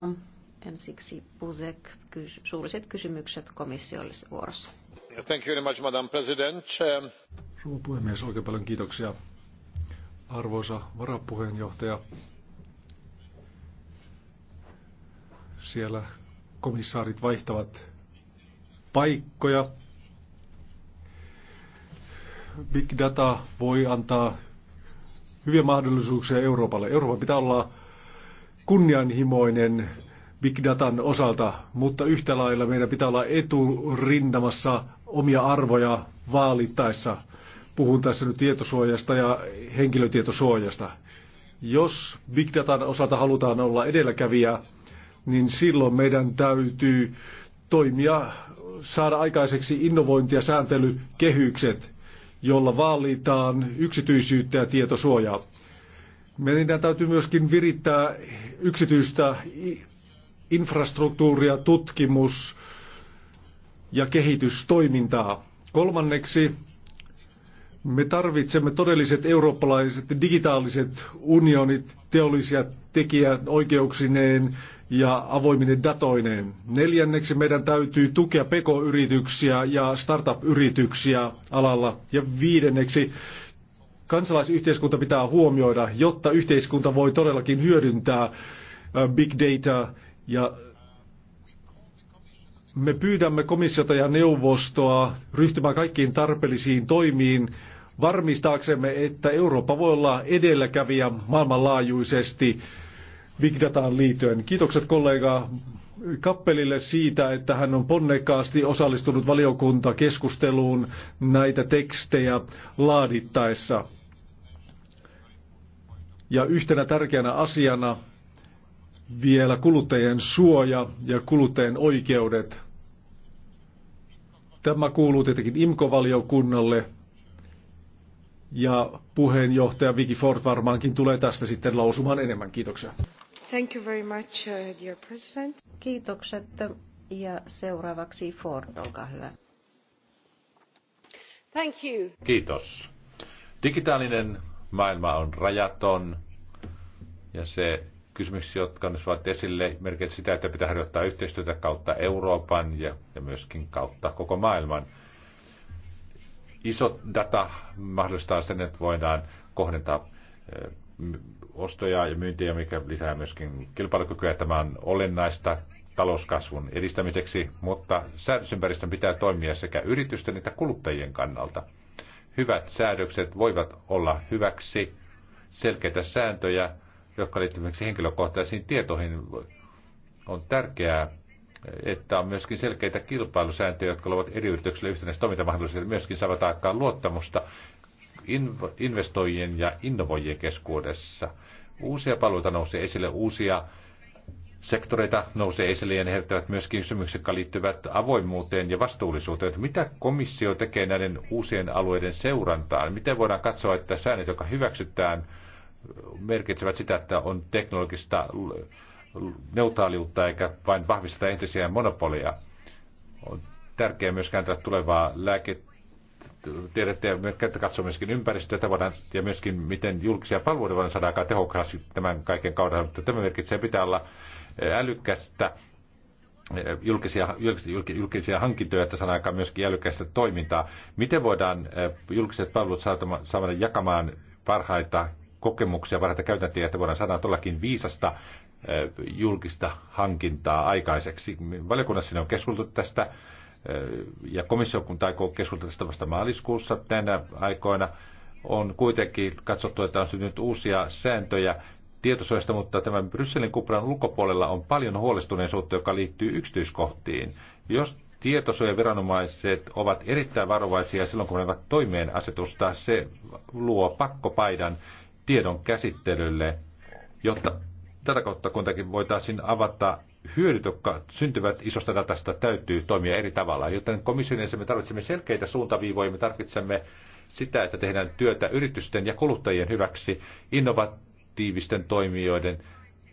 Mm. Ensiksi Buzek, suulliset kysymykset komissiolle vuorossa. Thank you very much, Madam President. Um, Rouva puhemies, oikein paljon kiitoksia. Arvoisa varapuheenjohtaja, siellä komissaarit vaihtavat paikkoja. Big data voi antaa hyviä mahdollisuuksia Euroopalle. Euroopan pitää olla kunnianhimoinen Big Datan osalta, mutta yhtä lailla meidän pitää olla eturintamassa omia arvoja vaalittaessa. Puhun tässä nyt tietosuojasta ja henkilötietosuojasta. Jos Big Datan osalta halutaan olla edelläkävijä, niin silloin meidän täytyy toimia, saada aikaiseksi innovointi- ja sääntelykehykset, jolla vaalitaan yksityisyyttä ja tietosuojaa. Meidän täytyy myöskin virittää yksityistä infrastruktuuria, tutkimus ja kehitystoimintaa. Kolmanneksi me tarvitsemme todelliset eurooppalaiset digitaaliset unionit, teollisia tekijät oikeuksineen ja avoiminen datoineen. Neljänneksi meidän täytyy tukea pk-yrityksiä ja startup-yrityksiä alalla. Ja viidenneksi Kansalaisyhteiskunta pitää huomioida, jotta yhteiskunta voi todellakin hyödyntää big data ja me pyydämme komissiota ja neuvostoa ryhtymään kaikkiin tarpeellisiin toimiin varmistaaksemme, että Eurooppa voi olla edelläkävijä maailmanlaajuisesti big dataan liittyen. Kiitokset kollega Kappelille siitä, että hän on ponnekkaasti osallistunut valiokuntakeskusteluun näitä tekstejä laadittaessa. Ja yhtenä tärkeänä asiana vielä kuluttajien suoja ja kuluttajien oikeudet. Tämä kuuluu tietenkin IMKO-valiokunnalle ja puheenjohtaja Vicky Ford varmaankin tulee tästä sitten lausumaan enemmän. Kiitoksia. Thank you very much, uh, dear president. Kiitokset ja seuraavaksi Ford, olkaa hyvä. Thank you. Kiitos. Digitaalinen Maailma on rajaton ja se kysymys, jotka nousivat esille, merkitsee sitä, että pitää harjoittaa yhteistyötä kautta Euroopan ja, ja myöskin kautta koko maailman. Iso data mahdollistaa sen, että voidaan kohdentaa eh, ostoja ja myyntiä, mikä lisää myöskin kilpailukykyä. Tämä on olennaista talouskasvun edistämiseksi, mutta säädösympäristön pitää toimia sekä yritysten että kuluttajien kannalta. Hyvät säädökset voivat olla hyväksi, selkeitä sääntöjä, jotka liittyvät henkilökohtaisiin tietoihin. On tärkeää, että on myöskin selkeitä kilpailusääntöjä, jotka luovat eri yrityksille yhtenäistä toimintamahdollisuudet, myöskin saavat aikaan luottamusta investoijien ja innovoijien keskuudessa. Uusia palveluita nousee esille, uusia sektoreita nousee esille ja ne herättävät myöskin kysymyksiä, jotka liittyvät avoimuuteen ja vastuullisuuteen. Mitä komissio tekee näiden uusien alueiden seurantaan? Miten voidaan katsoa, että säännöt, jotka hyväksytään, merkitsevät sitä, että on teknologista neutraaliutta eikä vain vahvisteta entisiä monopolia? On tärkeää myös kääntää tulevaa lääke tiedätte, että katsoa myöskin ympäristöä voidaan, ja myöskin miten julkisia palveluita voidaan saada aika tehokkaasti tämän kaiken kauden. Tämä merkitsee pitää olla älykästä eh, julkisia, julkisia, julkisia hankintoja, että saadaan aikaan myöskin älykästä toimintaa. Miten voidaan eh, julkiset palvelut saada jakamaan parhaita kokemuksia, parhaita käytäntöjä, että voidaan saada tuollakin viisasta eh, julkista hankintaa aikaiseksi. Valiokunnassa ne on keskusteltu tästä ja komissio, kun aikoo keskustella tästä vasta maaliskuussa tänä aikoina, on kuitenkin katsottu, että on syntynyt uusia sääntöjä, tietosuojasta, mutta tämän Brysselin kuplan ulkopuolella on paljon huolestuneisuutta, joka liittyy yksityiskohtiin. Jos tietosuojaviranomaiset ovat erittäin varovaisia silloin, kun ne ovat toimeen asetusta, se luo pakkopaidan tiedon käsittelylle, jotta tätä kautta kuitenkin voitaisiin avata hyödyt, jotka syntyvät isosta datasta, täytyy toimia eri tavalla. Joten komission me tarvitsemme selkeitä suuntaviivoja, me tarvitsemme sitä, että tehdään työtä yritysten ja kuluttajien hyväksi. Innovat aktiivisten toimijoiden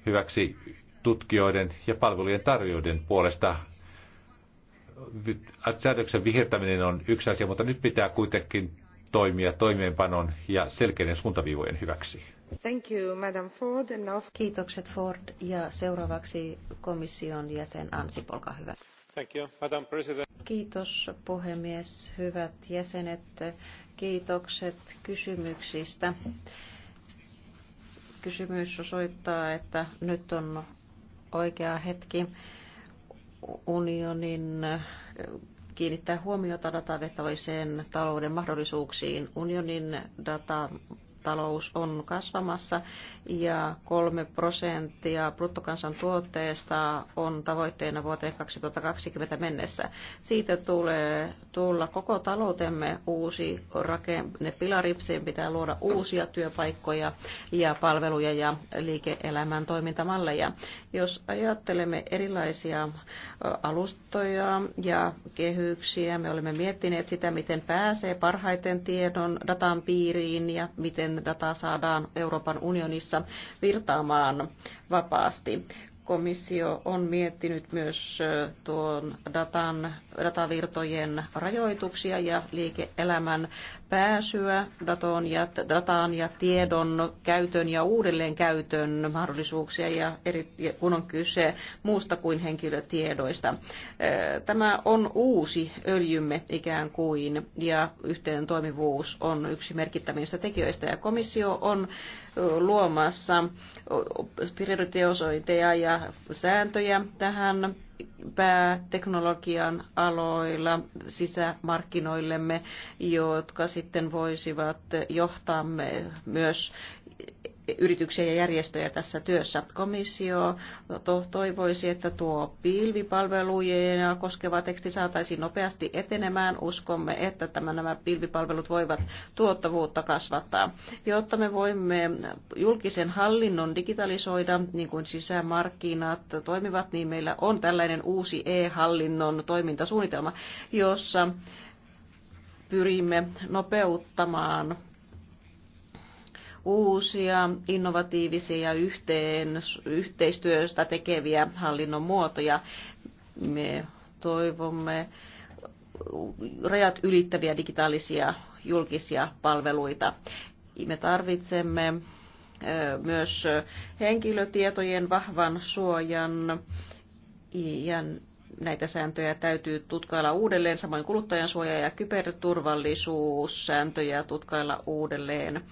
hyväksi tutkijoiden ja palvelujen tarjoajien puolesta. Säädöksen vihertäminen on yksi asia, mutta nyt pitää kuitenkin toimia toimeenpanon ja selkeiden suuntaviivojen hyväksi. Thank you, Madam Ford. Enough. Kiitokset Ford ja seuraavaksi komission jäsen Ansi, olkaa hyvä. Thank you, Madam President. Kiitos puhemies, hyvät jäsenet. Kiitokset kysymyksistä kysymys osoittaa, että nyt on oikea hetki unionin kiinnittää huomiota datavetoiseen talouden mahdollisuuksiin. Unionin data talous on kasvamassa ja 3 prosenttia bruttokansantuotteesta on tavoitteena vuoteen 2020 mennessä. Siitä tulee tulla koko taloutemme uusi rakenne pilaripsiin, pitää luoda uusia työpaikkoja ja palveluja ja liike-elämän toimintamalleja. Jos ajattelemme erilaisia alustoja ja kehyksiä, me olemme miettineet sitä, miten pääsee parhaiten tiedon datan piiriin ja miten dataa saadaan Euroopan unionissa virtaamaan vapaasti komissio on miettinyt myös tuon datan, datavirtojen rajoituksia ja liike-elämän pääsyä datoon ja, dataan ja tiedon käytön ja uudelleenkäytön mahdollisuuksia, ja eri, kun on kyse muusta kuin henkilötiedoista. Tämä on uusi öljymme ikään kuin, ja yhteen toimivuus on yksi merkittävistä tekijöistä, ja komissio on luomassa prioriteosointeja ja sääntöjä tähän pääteknologian aloilla sisämarkkinoillemme, jotka sitten voisivat johtaa myös yrityksiä ja järjestöjä tässä työssä. Komissio toivoisi, että tuo pilvipalveluja koskeva teksti saataisiin nopeasti etenemään. Uskomme, että tämä, nämä pilvipalvelut voivat tuottavuutta kasvattaa. Jotta me voimme julkisen hallinnon digitalisoida, niin kuin sisämarkkinat toimivat, niin meillä on tällainen uusi e-hallinnon toimintasuunnitelma, jossa pyrimme nopeuttamaan uusia innovatiivisia ja yhteen, yhteistyöstä tekeviä hallinnon muotoja. Me toivomme rajat ylittäviä digitaalisia julkisia palveluita. Me tarvitsemme myös henkilötietojen vahvan suojan ja näitä sääntöjä täytyy tutkailla uudelleen, samoin kuluttajansuoja- ja kyberturvallisuussääntöjä tutkailla uudelleen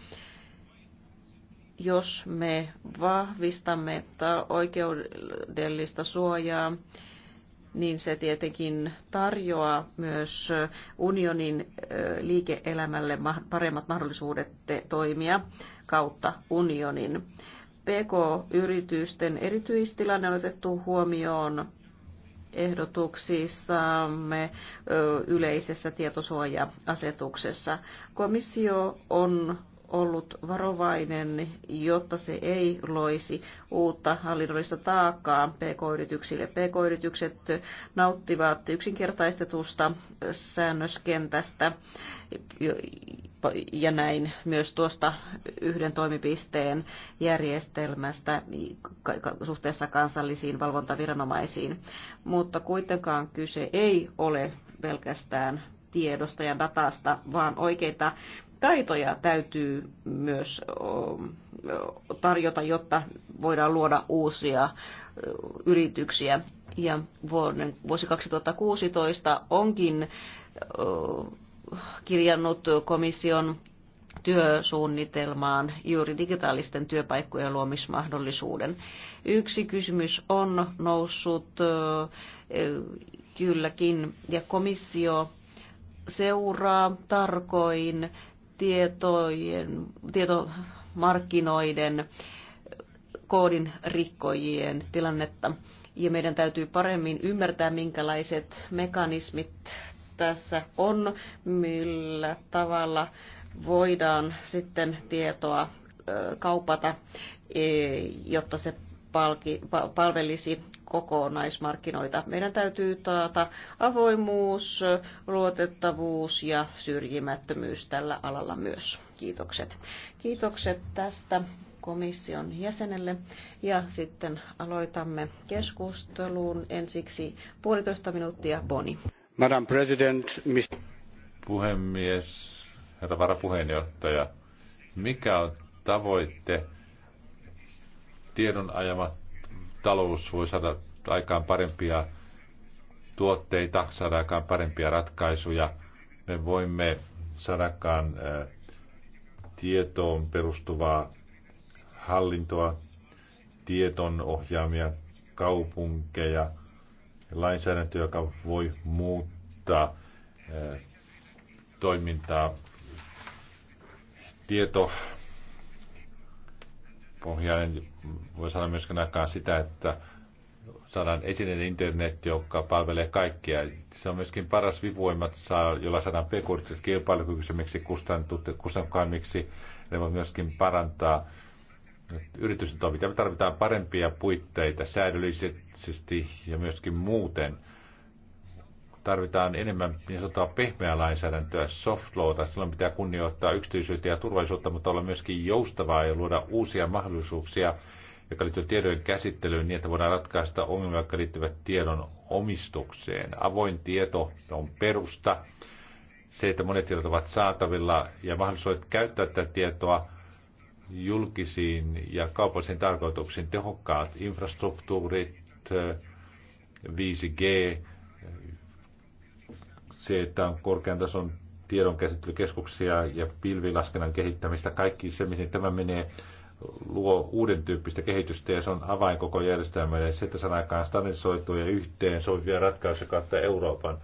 jos me vahvistamme oikeudellista suojaa, niin se tietenkin tarjoaa myös unionin liike-elämälle paremmat mahdollisuudet toimia kautta unionin. PK-yritysten erityistilanne on otettu huomioon ehdotuksissamme yleisessä tietosuoja-asetuksessa. Komissio on ollut varovainen, jotta se ei loisi uutta hallinnollista taakkaa pk-yrityksille. Pk-yritykset nauttivat yksinkertaistetusta säännöskentästä ja näin myös tuosta yhden toimipisteen järjestelmästä suhteessa kansallisiin valvontaviranomaisiin. Mutta kuitenkaan kyse ei ole pelkästään tiedosta ja datasta, vaan oikeita taitoja täytyy myös tarjota, jotta voidaan luoda uusia yrityksiä. Ja vuosi 2016 onkin kirjannut komission työsuunnitelmaan juuri digitaalisten työpaikkojen luomismahdollisuuden. Yksi kysymys on noussut kylläkin, ja komissio seuraa tarkoin tietojen, tietomarkkinoiden koodin rikkojien tilannetta. Ja meidän täytyy paremmin ymmärtää, minkälaiset mekanismit tässä on, millä tavalla voidaan sitten tietoa kaupata, e, jotta se palki, palvelisi kokonaismarkkinoita. Meidän täytyy taata avoimuus, luotettavuus ja syrjimättömyys tällä alalla myös. Kiitokset. Kiitokset tästä komission jäsenelle. Ja sitten aloitamme keskusteluun ensiksi puolitoista minuuttia Boni. Madam President, mis... puhemies, herra varapuheenjohtaja, mikä on tavoitte tiedon ajama talous voi saada aikaan parempia tuotteita, saada aikaan parempia ratkaisuja. Me voimme saada aikaan tietoon perustuvaa hallintoa, tieton ohjaamia kaupunkeja, lainsäädäntö, joka voi muuttaa toimintaa. Tieto pohjainen. Voi sanoa myöskin aikaan sitä, että saadaan esinen internet, joka palvelee kaikkia. Se on myöskin paras vivuima, jolla saadaan pekurit kilpailukykyisemmiksi, kustannukkaimmiksi. Ne voi myöskin parantaa yritysten toimintaa. Me tarvitaan parempia puitteita säädöllisesti ja myöskin muuten – tarvitaan enemmän niin sanotaan pehmeää lainsäädäntöä, soft lawta. Silloin pitää kunnioittaa yksityisyyttä ja turvallisuutta, mutta olla myöskin joustavaa ja luoda uusia mahdollisuuksia, jotka liittyvät tiedon käsittelyyn niin, että voidaan ratkaista ongelmia, jotka liittyvät tiedon omistukseen. Avoin tieto on perusta. Se, että monet tiedot ovat saatavilla ja mahdollisuudet käyttää tätä tietoa julkisiin ja kaupallisiin tarkoituksiin, tehokkaat infrastruktuurit, 5G, se, että on korkean tason tiedonkäsittelykeskuksia ja pilvilaskennan kehittämistä, kaikki se, miten tämä menee, luo uuden tyyppistä kehitystä ja se on avain koko järjestelmälle. Se, että saadaan aikaan standardisoitua ja yhteen sovivia ratkaisuja kautta Euroopan.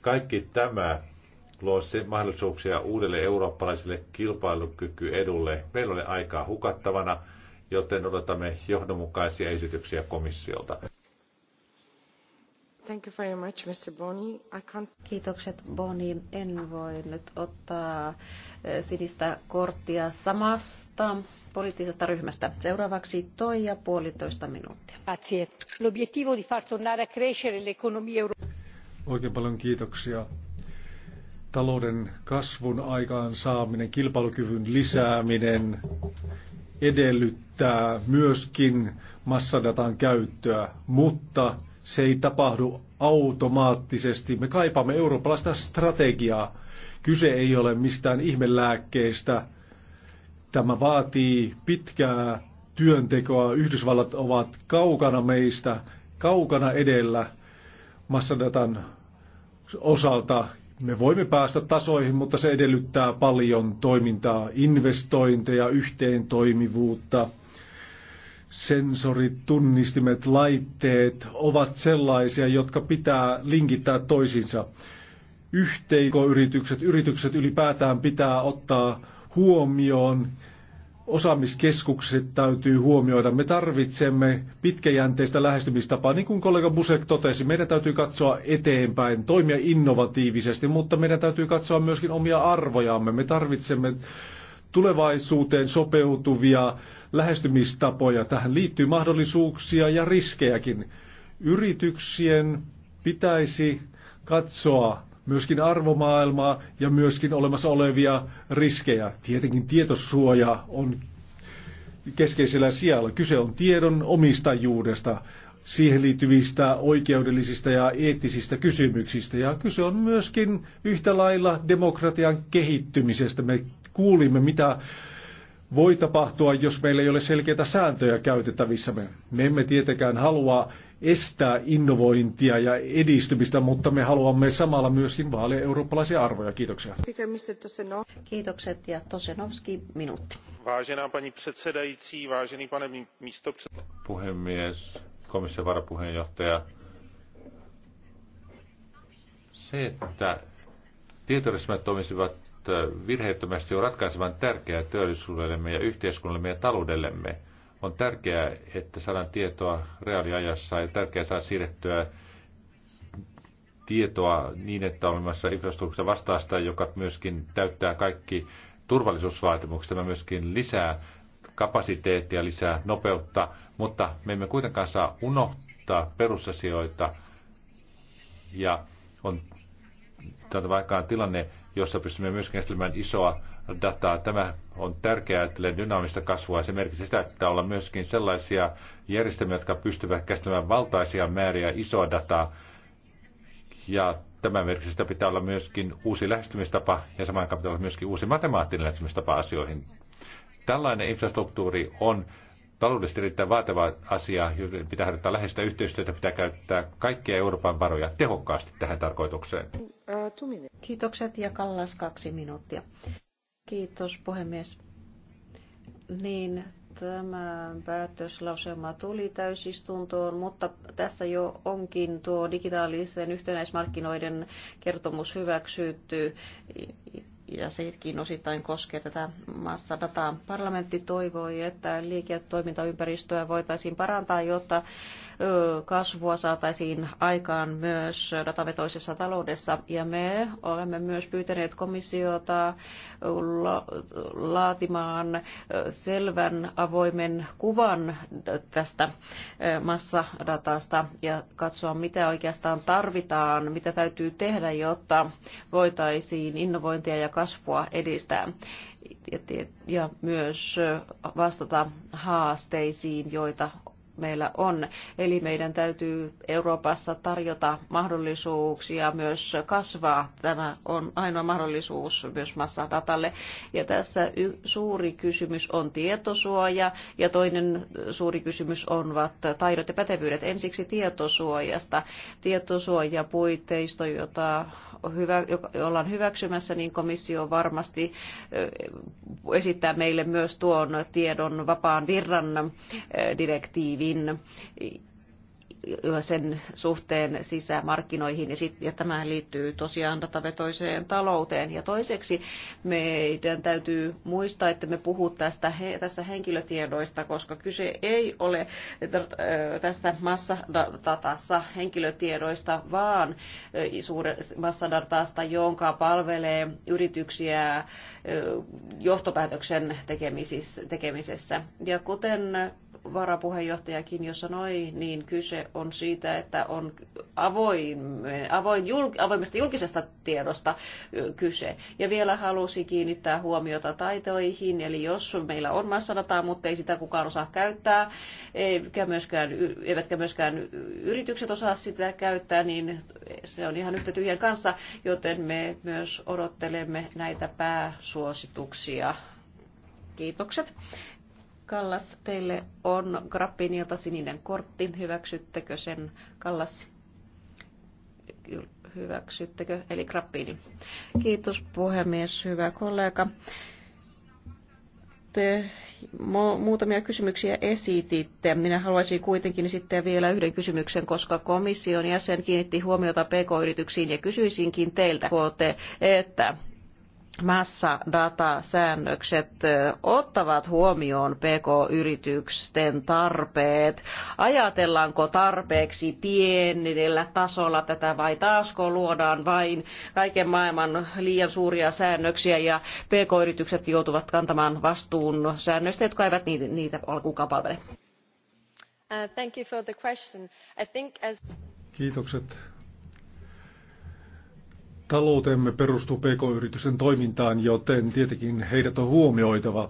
Kaikki tämä luo se mahdollisuuksia uudelle eurooppalaiselle kilpailukykyedulle. Meillä oli aikaa hukattavana, joten odotamme johdonmukaisia esityksiä komissiolta. Kiitokset Boni. En voi nyt ottaa eh, sinistä korttia samasta poliittisesta ryhmästä. Seuraavaksi Toija puolitoista minuuttia. L'obiettivo di far tornare a crescere l'economia Oikein paljon kiitoksia. Talouden kasvun aikaan saaminen, kilpailukyvyn lisääminen edellyttää myöskin massadatan käyttöä, mutta se ei tapahdu automaattisesti. Me kaipaamme eurooppalaista strategiaa. Kyse ei ole mistään ihmelääkkeestä. Tämä vaatii pitkää työntekoa. Yhdysvallat ovat kaukana meistä, kaukana edellä massadatan osalta. Me voimme päästä tasoihin, mutta se edellyttää paljon toimintaa, investointeja, yhteen toimivuutta – sensorit, tunnistimet, laitteet ovat sellaisia, jotka pitää linkittää toisiinsa. Yhteikoyritykset, yritykset ylipäätään pitää ottaa huomioon. Osaamiskeskukset täytyy huomioida. Me tarvitsemme pitkäjänteistä lähestymistapaa. Niin kuin kollega Busek totesi, meidän täytyy katsoa eteenpäin, toimia innovatiivisesti, mutta meidän täytyy katsoa myöskin omia arvojamme. Me tarvitsemme tulevaisuuteen sopeutuvia lähestymistapoja. Tähän liittyy mahdollisuuksia ja riskejäkin. Yrityksien pitäisi katsoa myöskin arvomaailmaa ja myöskin olemassa olevia riskejä. Tietenkin tietosuoja on keskeisellä sijalla. Kyse on tiedon omistajuudesta, siihen liittyvistä oikeudellisista ja eettisistä kysymyksistä. Ja kyse on myöskin yhtä lailla demokratian kehittymisestä. Me kuulimme, mitä voi tapahtua, jos meillä ei ole selkeitä sääntöjä käytettävissä. Me emme tietenkään halua estää innovointia ja edistymistä, mutta me haluamme samalla myöskin vaalia eurooppalaisia arvoja. Kiitoksia. Kiitokset ja Tosenovski minuutti. Vážená pani předsedající, vážený pane místopředsedo. Puhemies, komission varapuheenjohtaja. Se, että tietoryhmät toimisivat virheettömästi on ratkaisevan tärkeää työllisyydellemme ja yhteiskunnallemme ja taloudellemme. On tärkeää, että saadaan tietoa reaaliajassa ja tärkeää saada siirrettyä tietoa niin, että on olemassa infrastruktuurista vastaasta, joka myöskin täyttää kaikki turvallisuusvaatimukset. Tämä myöskin lisää kapasiteettia, lisää nopeutta, mutta me emme kuitenkaan saa unohtaa perusasioita ja on tätä vaikkaan tilanne, jossa pystymme myös käsittelemään isoa dataa. Tämä on tärkeää että dynaamista kasvua. Se merkitsee sitä, että olla myöskin sellaisia järjestelmiä, jotka pystyvät käsittelemään valtaisia määriä isoa dataa. Ja tämä merkitsee sitä, pitää olla myöskin uusi lähestymistapa ja samaan aikaan pitää olla myöskin uusi matemaattinen lähestymistapa asioihin. Tällainen infrastruktuuri on taloudellisesti erittäin vaativa asia, joten pitää harjoittaa läheistä yhteistyötä, pitää käyttää kaikkia Euroopan varoja tehokkaasti tähän tarkoitukseen. Kiitokset ja Kallas kaksi minuuttia. Kiitos puhemies. Niin, tämä päätöslauselma tuli täysistuntoon, mutta tässä jo onkin tuo digitaalisten yhtenäismarkkinoiden kertomus hyväksytty ja sekin osittain koskee tätä dataa. Parlamentti toivoi, että liiketoimintaympäristöä voitaisiin parantaa, jotta kasvua saataisiin aikaan myös datavetoisessa taloudessa. Ja me olemme myös pyytäneet komissiota laatimaan selvän avoimen kuvan tästä massadatasta ja katsoa, mitä oikeastaan tarvitaan, mitä täytyy tehdä, jotta voitaisiin innovointia ja kasvua kasvua edistää ja myös vastata haasteisiin, joita meillä on. Eli meidän täytyy Euroopassa tarjota mahdollisuuksia myös kasvaa. Tämä on ainoa mahdollisuus myös massadatalle. Ja tässä suuri kysymys on tietosuoja ja toinen suuri kysymys on, ovat taidot ja pätevyydet. Ensiksi tietosuojasta. puitteisto, jota hyvä, ollaan hyväksymässä, niin komissio varmasti esittää meille myös tuon tiedon vapaan virran direktiivi hyvin äh, sen suhteen sisämarkkinoihin ja, sit, ja tämä liittyy tosiaan datavetoiseen talouteen. Ja toiseksi meidän täytyy muistaa, että me puhuu tästä, he, tässä henkilötiedoista, koska kyse ei ole äh, tästä massadatassa henkilötiedoista, vaan äh, massadatasta, jonka palvelee yrityksiä johtopäätöksen tekemisessä. Ja kuten varapuheenjohtajakin jo sanoi, niin kyse on siitä, että on avoin, avoin julk, avoimesta julkisesta tiedosta kyse. Ja vielä halusi kiinnittää huomiota taitoihin, eli jos meillä on massadataa, mutta ei sitä kukaan osaa käyttää, eivätkä myöskään, eivätkä myöskään yritykset osaa sitä käyttää, niin se on ihan yhtä tyhjän kanssa, joten me myös odottelemme näitä pääsuosituksia. Kiitokset. Kallas, teille on Grappinilta sininen kortti. Hyväksyttekö sen, Kallas? Hyväksyttekö? Eli Grappini. Kiitos puhemies, hyvä kollega. Te muutamia kysymyksiä esititte. Minä haluaisin kuitenkin esittää vielä yhden kysymyksen, koska komission jäsen kiinnitti huomiota pk-yrityksiin ja kysyisinkin teiltä, että massadatasäännökset ottavat huomioon PK-yritysten tarpeet? Ajatellaanko tarpeeksi pienellä tasolla tätä vai taasko luodaan vain kaiken maailman liian suuria säännöksiä ja PK-yritykset joutuvat kantamaan vastuun säännöistä, jotka eivät niitä alkuunkaan palvele? Uh, Kiitokset Taloutemme perustuu pk-yritysten toimintaan, joten tietenkin heidät on huomioitava.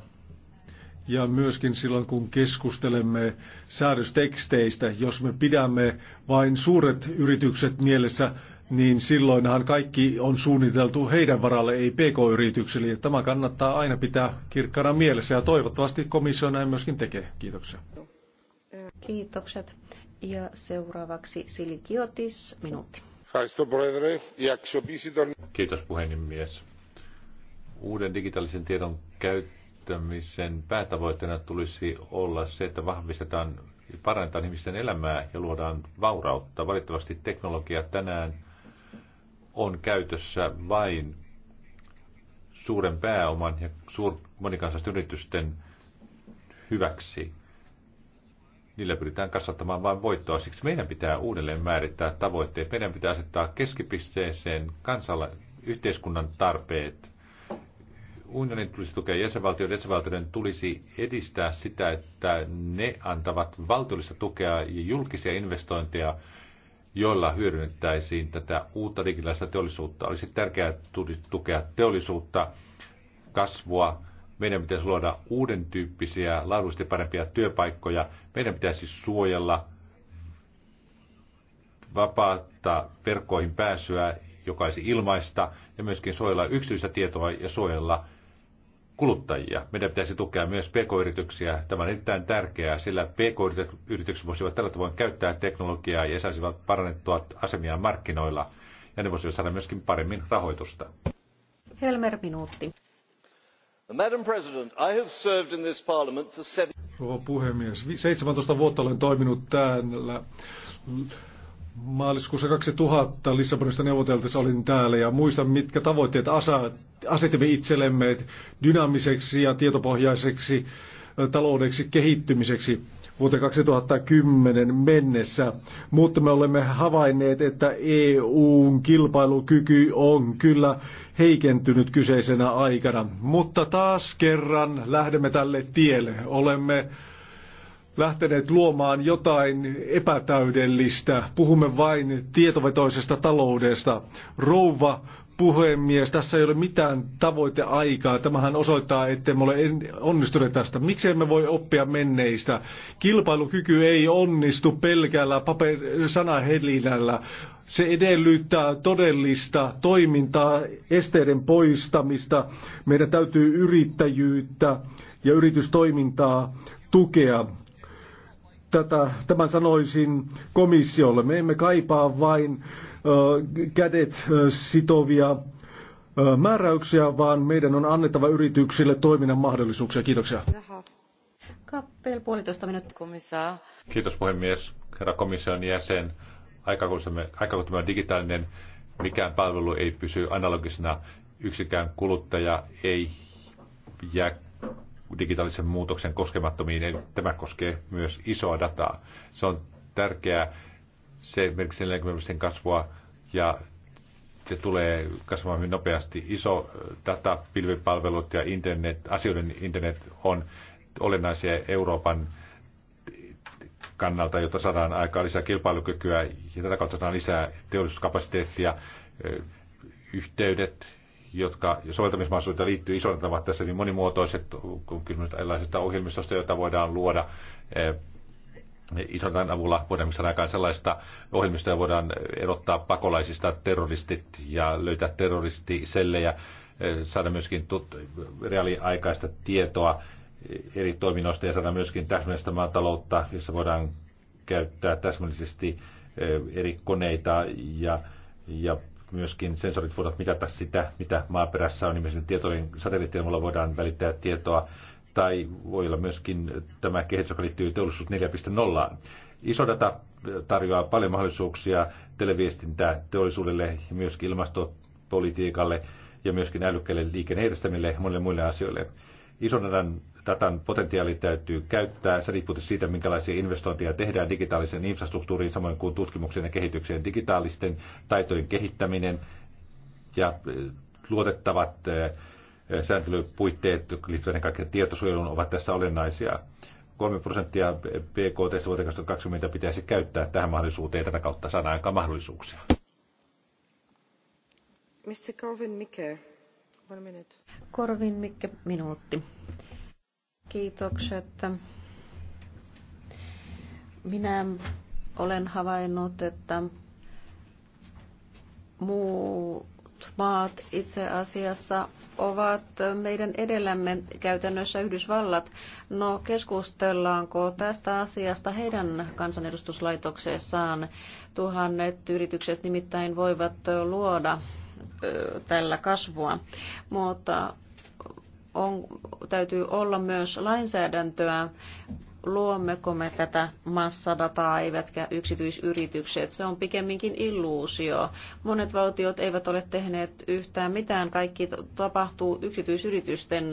Ja myöskin silloin, kun keskustelemme säädösteksteistä, jos me pidämme vain suuret yritykset mielessä, niin silloinhan kaikki on suunniteltu heidän varalle, ei pk-yrityksille. Ja tämä kannattaa aina pitää kirkkana mielessä ja toivottavasti komissio näin myöskin tekee. Kiitoksia. Kiitokset. Ja seuraavaksi silikiotis minuutti. Kiitos puhemies. Uuden digitaalisen tiedon käyttämisen päätavoitteena tulisi olla se, että vahvistetaan ja parannetaan ihmisten elämää ja luodaan vaurautta. Valitettavasti teknologia tänään on käytössä vain suuren pääoman ja suur, monikansallisten yritysten hyväksi niillä pyritään kasvattamaan vain voittoa. Siksi meidän pitää uudelleen määrittää tavoitteet. Meidän pitää asettaa keskipisteeseen kansalla, yhteiskunnan tarpeet. Unionin tulisi tukea jäsenvaltioiden. Jäsenvaltioiden tulisi edistää sitä, että ne antavat valtiollista tukea ja julkisia investointeja, joilla hyödynnettäisiin tätä uutta digitaalista teollisuutta. Olisi tärkeää tukea teollisuutta, kasvua, meidän pitäisi luoda uuden tyyppisiä, laadullisesti parempia työpaikkoja. Meidän pitäisi suojella vapaata verkkoihin pääsyä, joka olisi ilmaista, ja myöskin suojella yksityistä tietoa ja suojella kuluttajia. Meidän pitäisi tukea myös pk-yrityksiä. Tämä on erittäin tärkeää, sillä pk-yritykset voisivat tällä tavoin käyttää teknologiaa ja saisivat parannettua asemiaan markkinoilla, ja ne voisivat saada myöskin paremmin rahoitusta. Helmer, minuutti. Rouva puhemies, 17 vuotta olen toiminut täällä. Maaliskuussa 2000 Lissabonista neuvoteltaessa olin täällä ja muistan, mitkä tavoitteet asetimme itsellemme dynaamiseksi ja tietopohjaiseksi taloudeksi kehittymiseksi vuoteen 2010 mennessä, mutta me olemme havainneet, että EUn kilpailukyky on kyllä heikentynyt kyseisenä aikana. Mutta taas kerran lähdemme tälle tielle. Olemme lähteneet luomaan jotain epätäydellistä. Puhumme vain tietovetoisesta taloudesta. Rouva puhemies, tässä ei ole mitään tavoiteaikaa. Tämähän osoittaa, että me ole onnistuneet tästä. Miksi emme voi oppia menneistä? Kilpailukyky ei onnistu pelkällä paper- sanahelinällä. Se edellyttää todellista toimintaa, esteiden poistamista. Meidän täytyy yrittäjyyttä ja yritystoimintaa tukea tätä, tämän sanoisin komissiolle. Me emme kaipaa vain ö, kädet ö, sitovia ö, määräyksiä, vaan meidän on annettava yrityksille toiminnan mahdollisuuksia. Kiitoksia. Kappel, puolitoista minuuttia. Komissaa. Kiitos puhemies, herra komission jäsen. Aika kun, tämä on digitaalinen, mikään palvelu ei pysy analogisena. Yksikään kuluttaja ei jää digitaalisen muutoksen koskemattomiin. Eli tämä koskee myös isoa dataa. Se on tärkeää. Se merkitsee 40 kasvua ja se tulee kasvamaan hyvin nopeasti. Iso data, pilvipalvelut ja internet, asioiden internet on olennaisia Euroopan kannalta, jotta saadaan aikaa lisää kilpailukykyä ja tätä kautta saadaan lisää teollisuuskapasiteettia, yhteydet jotka soveltamismahdollisuudet liittyy isoilta ovat tässä hyvin monimuotoiset, kun kysymys erilaisista ohjelmistosta, joita voidaan luoda eh, Israelin avulla voidaan saada aikaan sellaista ohjelmistoja voidaan erottaa pakolaisista terroristit ja löytää terroristisellejä, eh, saada myöskin tut- reaaliaikaista tietoa eh, eri toiminnoista ja saada myöskin täsmällistä maataloutta, jossa voidaan käyttää täsmällisesti eri koneita ja, ja myöskin sensorit voivat mitata sitä, mitä maaperässä on, nimisen tietojen satelliittien avulla voidaan välittää tietoa, tai voi olla myöskin tämä kehitys, joka liittyy teollisuus 4.0. Iso data tarjoaa paljon mahdollisuuksia televiestintää teollisuudelle ja myöskin ilmastopolitiikalle ja myöskin älykkäille liikennejärjestelmille ja monille muille asioille. Ison datan, datan potentiaali täytyy käyttää. Se riippuu siitä, minkälaisia investointeja tehdään digitaaliseen infrastruktuuriin, samoin kuin tutkimuksen ja kehitykseen, digitaalisten taitojen kehittäminen ja eh, luotettavat eh, eh, sääntelypuitteet liittyen ennen kaikkea tietosuojeluun ovat tässä olennaisia. 3 prosenttia BKT vuoteen 2020 pitäisi käyttää tähän mahdollisuuteen tätä kautta saadaan aikaan mahdollisuuksia. Mr. Corvin Mikke. Korvin Mikke, minuutti. Kiitokset. Minä olen havainnut, että muut maat itse asiassa ovat meidän edellämme käytännössä Yhdysvallat. No keskustellaanko tästä asiasta heidän kansanedustuslaitokseessaan Tuhannet yritykset nimittäin voivat luoda tällä kasvua, mutta on, täytyy olla myös lainsäädäntöä luommeko me tätä massadataa eivätkä yksityisyritykset. Se on pikemminkin illuusio. Monet valtiot eivät ole tehneet yhtään mitään. Kaikki tapahtuu yksityisyritysten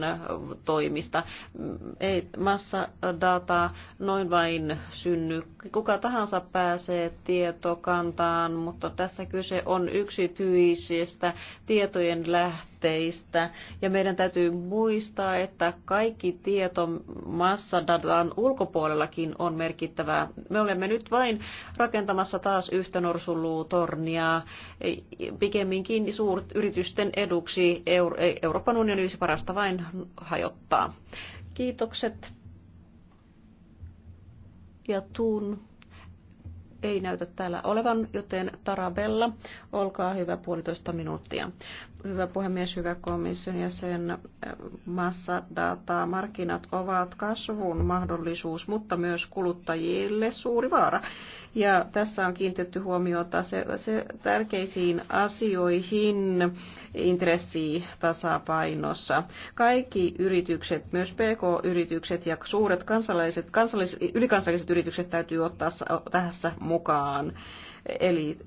toimista. Mm, ei massadataa noin vain synny. Kuka tahansa pääsee tietokantaan, mutta tässä kyse on yksityisistä tietojen lähteistä. Ja meidän täytyy muistaa, että kaikki tieto massadataan ulkopuolella ulkopuolellakin on merkittävää. Me olemme nyt vain rakentamassa taas yhtä norsulluutornia eh, pikemminkin yritysten eduksi Euro eh, Euroopan unioni olisi parasta vain hajottaa. Kiitokset. Ja tuun ei näytä täällä olevan, joten Tarabella, olkaa hyvä puolitoista minuuttia. Hyvä puhemies, hyvä komission ja sen massadata. Markkinat ovat kasvun mahdollisuus, mutta myös kuluttajille suuri vaara. Ja tässä on kiinnitetty huomiota se, se tärkeisiin asioihin intressitasapainossa. Kaikki yritykset, myös PK-yritykset ja suuret kansalaiset, kansalliset, ylikansalliset yritykset täytyy ottaa tässä mukaan. Eli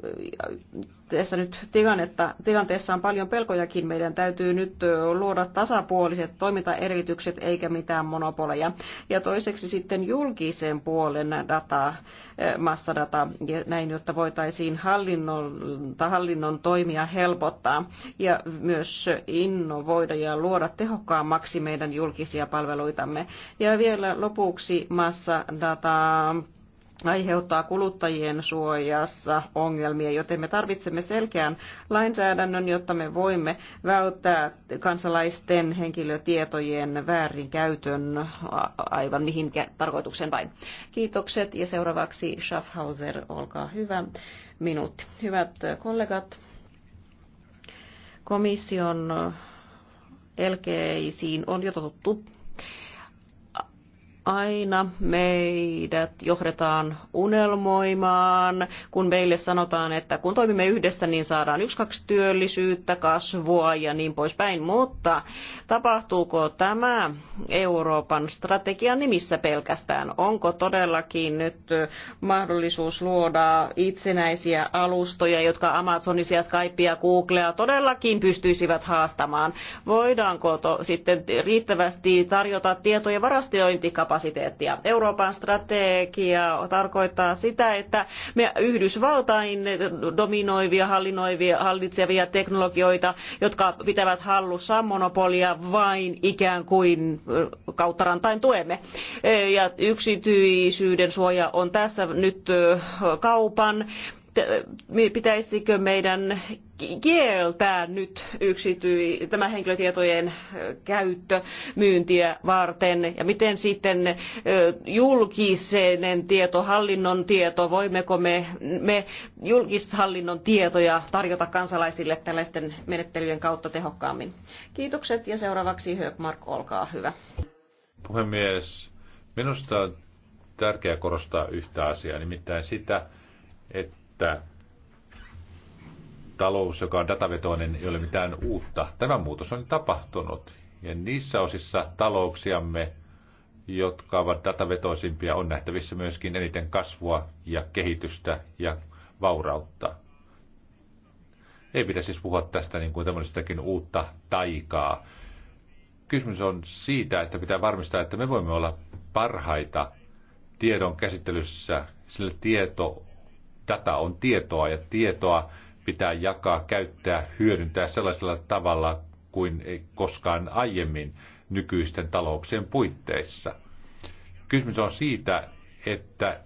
tässä nyt tilannetta, tilanteessa on paljon pelkojakin. Meidän täytyy nyt luoda tasapuoliset toimintaedellytykset eikä mitään monopoleja. Ja toiseksi sitten julkisen puolen data, massadata, näin, jotta voitaisiin hallinnon, hallinnon toimia helpottaa ja myös innovoida ja luoda tehokkaammaksi meidän julkisia palveluitamme. Ja vielä lopuksi massadata aiheuttaa kuluttajien suojassa ongelmia, joten me tarvitsemme selkeän lainsäädännön, jotta me voimme välttää kansalaisten henkilötietojen väärinkäytön aivan mihin tarkoituksen vain. Kiitokset ja seuraavaksi Schaffhauser, olkaa hyvä. Minuutti. Hyvät kollegat, komission elkeisiin on jo totuttu aina meidät johdetaan unelmoimaan, kun meille sanotaan, että kun toimimme yhdessä, niin saadaan yksi kaksi työllisyyttä, kasvua ja niin poispäin. Mutta tapahtuuko tämä Euroopan strategian nimissä pelkästään? Onko todellakin nyt mahdollisuus luoda itsenäisiä alustoja, jotka Amazonisia, Skypea, Googlea todellakin pystyisivät haastamaan? Voidaanko to, sitten riittävästi tarjota tietojen varastiointikapasiteettia? kapasiteettia. Euroopan strategia tarkoittaa sitä, että me Yhdysvaltain dominoivia, hallinnoivia, hallitsevia teknologioita, jotka pitävät hallussaan monopolia vain ikään kuin kautta rantain tuemme. Ja yksityisyyden suoja on tässä nyt kaupan pitäisikö meidän kieltää nyt yksityi, tämä henkilötietojen käyttö myyntiä varten ja miten sitten julkisen tieto, hallinnon tieto, voimmeko me, me julkishallinnon tietoja tarjota kansalaisille tällaisten menettelyjen kautta tehokkaammin. Kiitokset ja seuraavaksi Höökmark, olkaa hyvä. Puhemies, minusta on tärkeää korostaa yhtä asiaa, nimittäin sitä, että että talous, joka on datavetoinen, ei ole mitään uutta. Tämä muutos on tapahtunut. Ja niissä osissa talouksiamme, jotka ovat datavetoisimpia, on nähtävissä myöskin eniten kasvua ja kehitystä ja vaurautta. Ei pidä siis puhua tästä niin kuin tämmöisestäkin uutta taikaa. Kysymys on siitä, että pitää varmistaa, että me voimme olla parhaita tiedon käsittelyssä, sillä tieto data on tietoa ja tietoa pitää jakaa, käyttää, hyödyntää sellaisella tavalla kuin ei koskaan aiemmin nykyisten talouksien puitteissa. Kysymys on siitä, että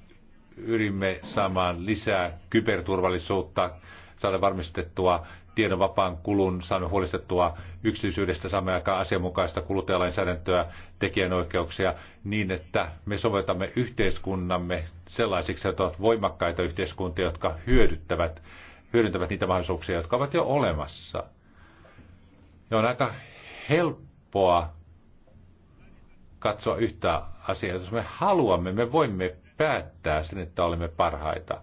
yrimme saamaan lisää kyberturvallisuutta, saada varmistettua tiedon vapaan kulun, saamme huolestettua yksityisyydestä, saamme aikaan asianmukaista kuluttajalainsäädäntöä, tekijänoikeuksia, niin että me sovetamme yhteiskunnamme sellaisiksi, että ovat voimakkaita yhteiskuntia, jotka hyödyttävät, hyödyntävät niitä mahdollisuuksia, jotka ovat jo olemassa. Ja on aika helppoa katsoa yhtä asiaa. Jos me haluamme, me voimme päättää sen, että olemme parhaita.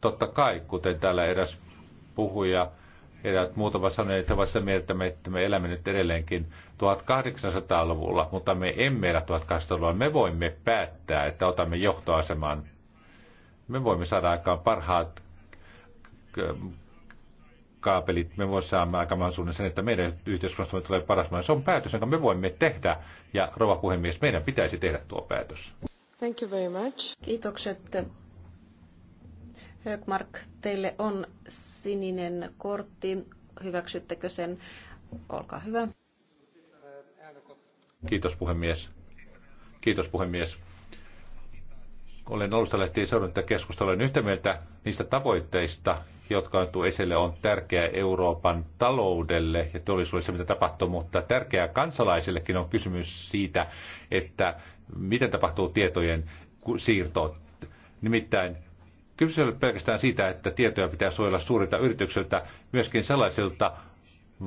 Totta kai, kuten täällä eräs puhuja Eräät muutama ovat sanoneet, että ovat sitä mieltä, että me elämme nyt edelleenkin 1800-luvulla, mutta me emme elä 1800-luvulla. Me voimme päättää, että otamme johtoaseman. Me voimme saada aikaan parhaat kaapelit, me voimme saada aikaan sen, että meidän yhteiskunnastamme tulee paras Se on päätös, jonka me voimme tehdä, ja rouva puhemies, meidän pitäisi tehdä tuo päätös. Thank you very much. Kiitokset Högmark, teille on sininen kortti. Hyväksyttekö sen? Olkaa hyvä. Kiitos puhemies. Kiitos puhemies. Olen alusta lähtien seurannut keskustelua. Olen yhtä mieltä niistä tavoitteista, jotka on tullut esille, on tärkeää Euroopan taloudelle ja teollisuudelle se, mitä tapahtuu, mutta tärkeää kansalaisillekin on kysymys siitä, että miten tapahtuu tietojen siirto. Nimittäin Kysymys ei ole pelkästään siitä, että tietoja pitää suojella suurilta yrityksiltä, myöskin sellaisilta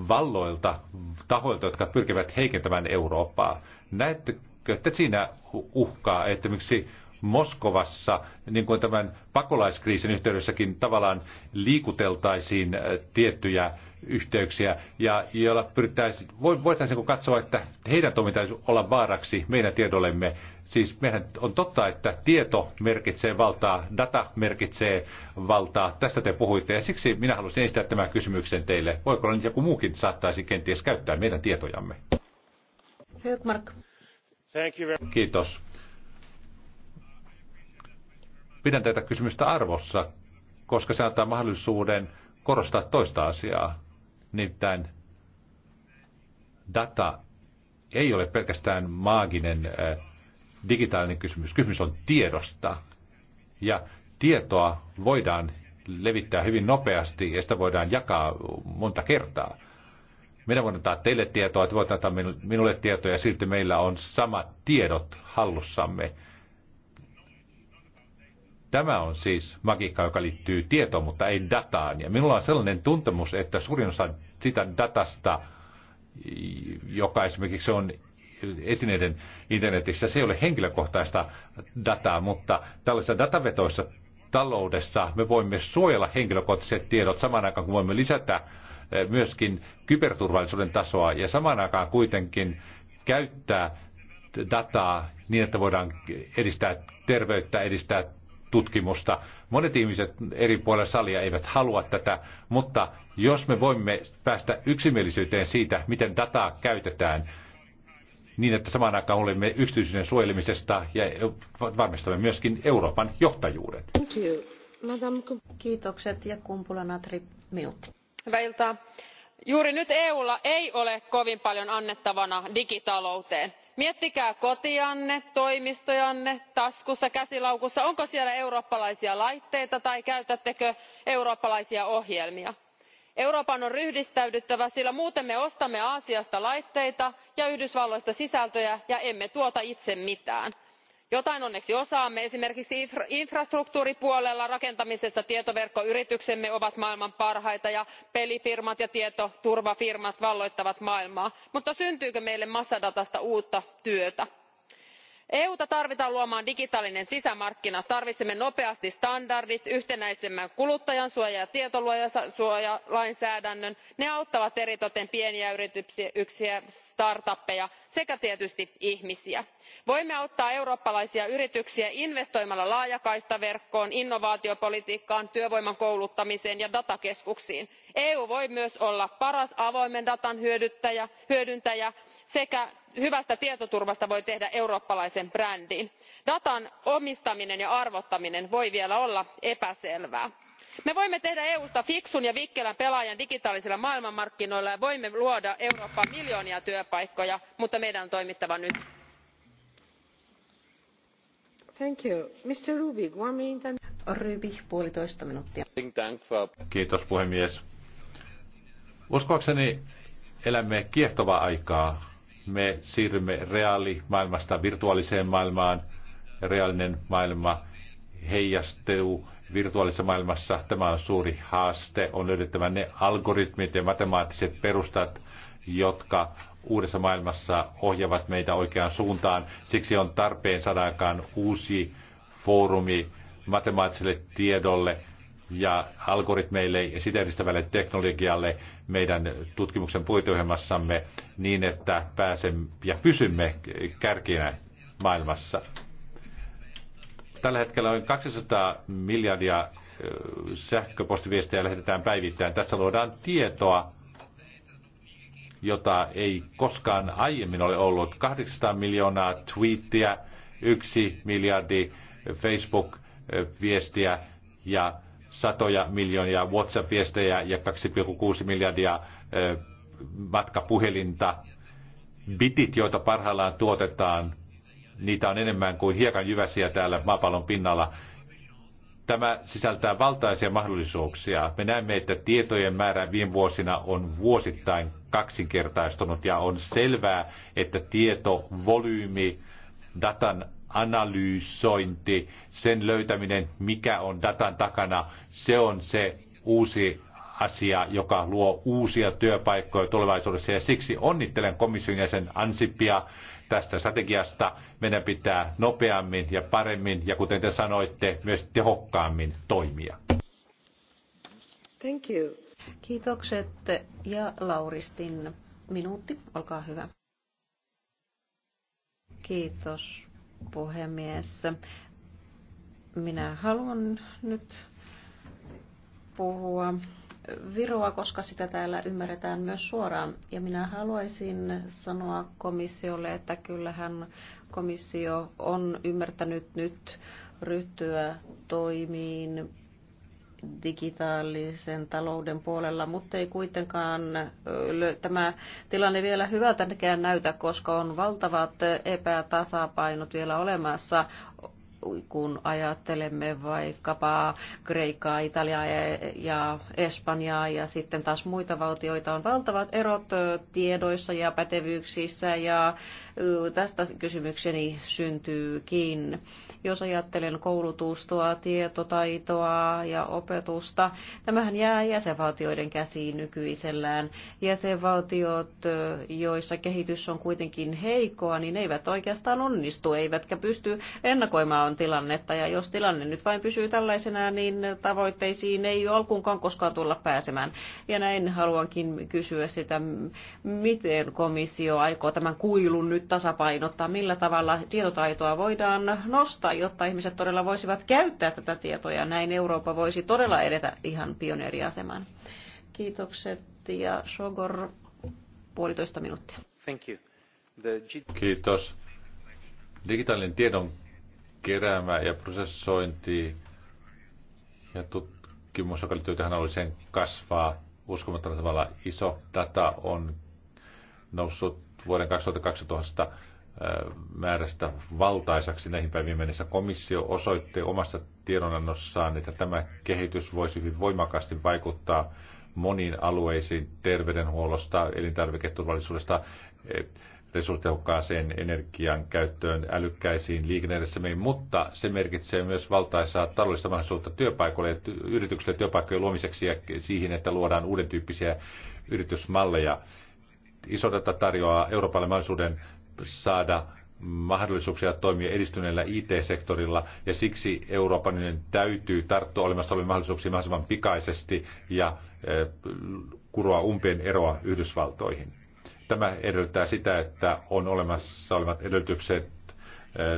valloilta, tahoilta, jotka pyrkivät heikentämään Eurooppaa. Näettekö että siinä uhkaa, että miksi Moskovassa, niin kuin tämän pakolaiskriisin yhteydessäkin tavallaan liikuteltaisiin äh, tiettyjä yhteyksiä, ja joilla pyrittäisiin, voitaisiin katsoa, että heidän toimintaisi olla vaaraksi meidän tiedollemme, Siis mehän on totta, että tieto merkitsee valtaa, data merkitsee valtaa. Tästä te puhuitte ja siksi minä halusin esittää tämän kysymyksen teille. Voiko olla joku muukin saattaisi kenties käyttää meidän tietojamme? Högmark. Kiitos. Pidän tätä kysymystä arvossa, koska se antaa mahdollisuuden korostaa toista asiaa. Nimittäin data ei ole pelkästään maaginen äh, digitaalinen kysymys. Kysymys on tiedosta. Ja tietoa voidaan levittää hyvin nopeasti ja sitä voidaan jakaa monta kertaa. Minä voin antaa teille tietoa, että voitte antaa minulle tietoa ja silti meillä on samat tiedot hallussamme. Tämä on siis magiikka, joka liittyy tietoon, mutta ei dataan. Ja minulla on sellainen tuntemus, että suurin osa sitä datasta, joka esimerkiksi on esineiden internetissä. Se ei ole henkilökohtaista dataa, mutta tällaisessa datavetoissa taloudessa me voimme suojella henkilökohtaiset tiedot samaan aikaan, kun voimme lisätä eh, myöskin kyberturvallisuuden tasoa ja samaan aikaan kuitenkin käyttää dataa niin, että voidaan edistää terveyttä, edistää tutkimusta. Monet ihmiset eri puolilla salia eivät halua tätä, mutta jos me voimme päästä yksimielisyyteen siitä, miten dataa käytetään, niin, että samaan aikaan olemme yksityisyyden suojelemisesta ja varmistamme myöskin Euroopan johtajuuden. Thank you. Madame... Kiitokset ja kumpula natri minuutti. Hyvää iltaa. Juuri nyt EUlla ei ole kovin paljon annettavana digitalouteen. Miettikää kotianne, toimistojanne, taskussa, käsilaukussa, onko siellä eurooppalaisia laitteita tai käytättekö eurooppalaisia ohjelmia euroopan on ryhdistäydyttävä sillä muuten me ostamme aasiasta laitteita ja yhdysvalloista sisältöjä ja emme tuota itse mitään. jotain onneksi osaamme esimerkiksi infrastruktuuripuolella rakentamisessa tietoverkkoyrityksemme ovat maailman parhaita ja pelifirmat ja tietoturvafirmat valloittavat maailmaa mutta syntyykö meille massadatasta uutta työtä? eu ta tarvitaan luomaan digitaalinen sisämarkkina tarvitsemme nopeasti standardit yhtenäisemmän kuluttajansuojan ja tietosuojalainsäädännön ne auttavat eritoten pieniä yrityksiä start upeja sekä tietysti ihmisiä. voimme auttaa eurooppalaisia yrityksiä investoimalla laajakaistaverkkoon innovaatiopolitiikkaan työvoiman kouluttamiseen ja datakeskuksiin. eu voi myös olla paras avoimen datan hyödyntäjä sekä hyvästä tietoturvasta voi tehdä eurooppalaisen brändin. datan omistaminen ja arvottaminen voi vielä olla epäselvää. me voimme tehdä eusta fiksun ja vikkelän pelaajan digitaalisilla maailmanmarkkinoilla ja voimme luoda eurooppaan miljoonia työpaikkoja mutta meidän on toimittava nyt. Kiitos puhemies. Uskoakseni elämme kiehtovaa aikaa me siirrymme reaalimaailmasta virtuaaliseen maailmaan. Reaalinen maailma heijastuu virtuaalisessa maailmassa. Tämä on suuri haaste. On löydettävä ne algoritmit ja matemaattiset perustat, jotka uudessa maailmassa ohjaavat meitä oikeaan suuntaan. Siksi on tarpeen saada uusi foorumi matemaattiselle tiedolle – ja algoritmeille ja sitä edistävälle teknologialle meidän tutkimuksen puiteohjelmassamme niin, että pääsemme ja pysymme kärkinä maailmassa. Tällä hetkellä on 200 miljardia sähköpostiviestejä lähetetään päivittäin. Tässä luodaan tietoa, jota ei koskaan aiemmin ole ollut. 800 miljoonaa twiittiä, yksi miljardi Facebook-viestiä ja satoja miljoonia WhatsApp-viestejä ja 2,6 miljardia matkapuhelinta. Bitit, joita parhaillaan tuotetaan, niitä on enemmän kuin hiekan jyväsiä täällä maapallon pinnalla. Tämä sisältää valtaisia mahdollisuuksia. Me näemme, että tietojen määrä viime vuosina on vuosittain kaksinkertaistunut ja on selvää, että tietovolyymi, datan analysointi, sen löytäminen, mikä on datan takana, se on se uusi asia, joka luo uusia työpaikkoja tulevaisuudessa. Ja siksi onnittelen komission jäsen Ansipia tästä strategiasta. Meidän pitää nopeammin ja paremmin ja kuten te sanoitte, myös tehokkaammin toimia. Thank you. Kiitokset ja Lauristin minuutti, olkaa hyvä. Kiitos puhemies. Minä haluan nyt puhua Viroa, koska sitä täällä ymmärretään myös suoraan. Ja minä haluaisin sanoa komissiolle, että kyllähän komissio on ymmärtänyt nyt ryhtyä toimiin digitaalisen talouden puolella, mutta ei kuitenkaan tämä tilanne vielä hyvältäkään näytä, koska on valtavat epätasapainot vielä olemassa kun ajattelemme vaikkapa Kreikkaa, Italiaa ja Espanjaa ja sitten taas muita valtioita, on valtavat erot tiedoissa ja pätevyyksissä ja tästä kysymykseni syntyykin. Jos ajattelen koulutusta, tietotaitoa ja opetusta, tämähän jää jäsenvaltioiden käsiin nykyisellään. Jäsenvaltiot, joissa kehitys on kuitenkin heikkoa, niin eivät oikeastaan onnistu, eivätkä pysty ennakoimaan on tilannetta. Ja jos tilanne nyt vain pysyy tällaisena, niin tavoitteisiin ei alkuunkaan koskaan tulla pääsemään. Ja näin haluankin kysyä sitä, miten komissio aikoo tämän kuilun nyt tasapainottaa, millä tavalla tietotaitoa voidaan nostaa, jotta ihmiset todella voisivat käyttää tätä tietoa ja näin Eurooppa voisi todella edetä ihan pioneeriasemaan. Kiitokset ja Sogor puolitoista minuuttia. Thank you. Kiitos. Digitaalinen tiedon keräämään ja prosessointi ja tutkimus, joka liittyy tähän alueeseen, kasvaa uskomattomalla tavalla. Iso data on noussut vuoden 2012 äh, määrästä valtaisaksi näihin päiviin mennessä. Komissio osoitti omassa tiedonannossaan, että tämä kehitys voisi hyvin voimakkaasti vaikuttaa moniin alueisiin terveydenhuollosta, elintarviketurvallisuudesta, resurssitehokkaaseen energian käyttöön, älykkäisiin liikennejärjestelmiin, mutta se merkitsee myös valtaisaa taloudellista mahdollisuutta työpaikoille, yrityksille työpaikkojen luomiseksi ja siihen, että luodaan uuden tyyppisiä yritysmalleja. data tarjoaa Euroopalle mahdollisuuden saada mahdollisuuksia toimia edistyneellä IT-sektorilla, ja siksi Euroopan täytyy tarttua olemassa oleviin mahdollisuuksiin mahdollisimman pikaisesti ja eh, kuroa umpien eroa Yhdysvaltoihin. Tämä edellyttää sitä, että on olemassa olevat edellytykset